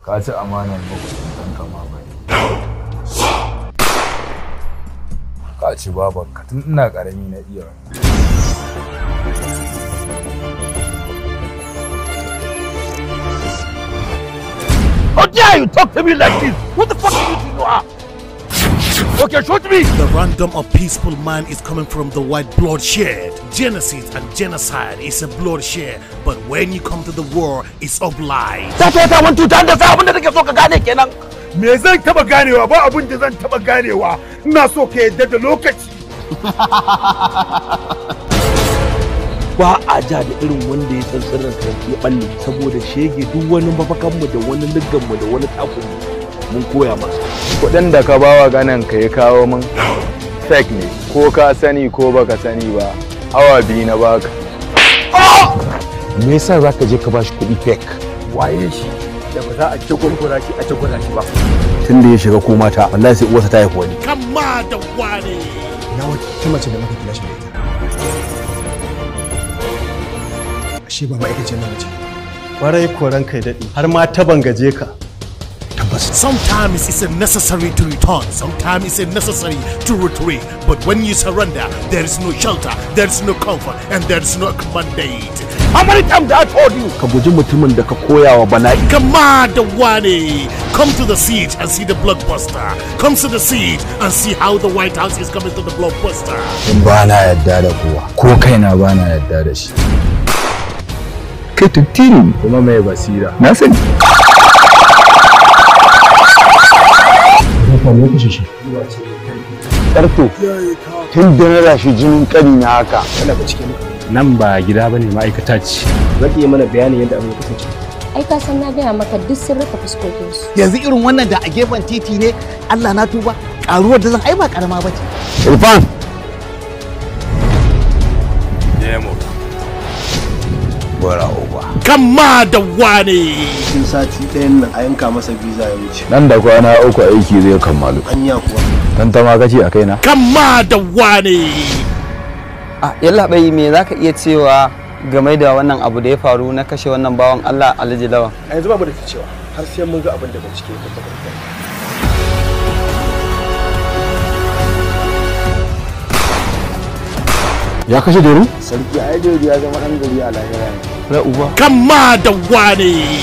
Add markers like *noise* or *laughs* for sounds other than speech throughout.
ka ci amanar makusantanka ma bai ka ci ka tun ina ƙarami na iya How dare you talk to me like this? What the fuck are you doing? Okay, shoot me! The random of peaceful man is coming from the white bloodshed. Genesis and genocide is a bloodshed, but when you come to the war, it's obliged. That's what I want to understand. Abin da take so ka gane Me zan taba ganewa ba abin da zan taba ganewa. Ina so ka yadda da lokaci. *laughs* ba a ja da irin wanda ya san sirrin ya balle saboda shege duk wani mafakanmu da wani ligganmu da wani takunmu mun koya masa kudin da ka bawa ganin ka ya kawo min fake ne ko ka sani ko baka sani ba awa biyu na baka me yasa za ka je ka bashi kuɗi fake waye shi da ba za a ci gurgura shi a ci gurgura shi ba tun da ya shiga ko mata wallahi sai uwarsa ta haifi wani kama da wani na wata mace da muka kula shi da ita ashe ba ma'aikacin na mace kwarai koran kai daɗi har ma ta gaje ka Sometimes it's necessary to return, sometimes it's necessary to retreat. But when you surrender, there is no shelter, there is no comfort, and there is no mandate. How many times I told you? Ka guji mutumin da ka koya wa bana'i. Kama da wane. Come to the siege and see the blockbuster. Come to the siege and see how the White House is coming to the blockbuster. In ba na yadda da kowa, ko kaina ba na yadda da shi. Kai tuttini kuma mai basira. Na sani. ɗauka ne kashe shi tun da na rashi jinin ƙari na haka nan ba gida ne ma'aikata ce zaki yi mana bayanin yadda abin kasance ai ka san na gaya maka duk sun rufe fuskokinsu yanzu irin wannan da a gefen titi ne Allah na tuba ƙaruwar da zan ai ba karama bace Irfan Bora uba kama da wane cikin sati ɗayan nan a yanka masa visa ya wuce nan da kwana uku aiki zai kammalu anya kuwa tantama kace a kaina kama da wane a yalla bai me zaka iya cewa game da wannan abu da ya faru na kashe wannan bawan Allah Alhaji A yanzu ba mu da cewa har sai mun ga abin da bincike ya tabbata ya kashe sarki ya zama gari a lahira ne uba kama da wane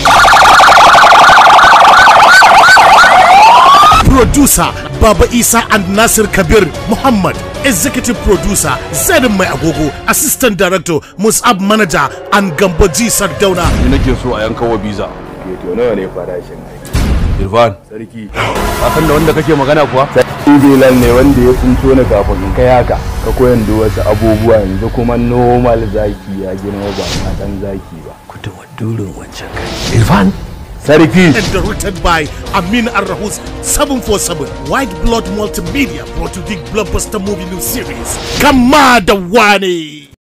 producer baba isa and nasir kabir muhammad executive producer zedin mai agogo assistant director musab manager and gamboji sardauna ne nake so a yanka wa biza eh, to nawa ne farashin ai Irfan. Sarki. Akan da wanda kake magana kuwa? Sarki Bilal ne wanda ya tsinto ni kafin in kai haka. Ka koyan da wasu abubuwa yanzu kuma normal zaki ya gina ba na dan zaki ba. Ku da wadurin wancan kai. Irfan. Sarki. directed by Amin Arrahus 747 White Blood Multimedia brought to the blockbuster movie new series. Kamada Wani.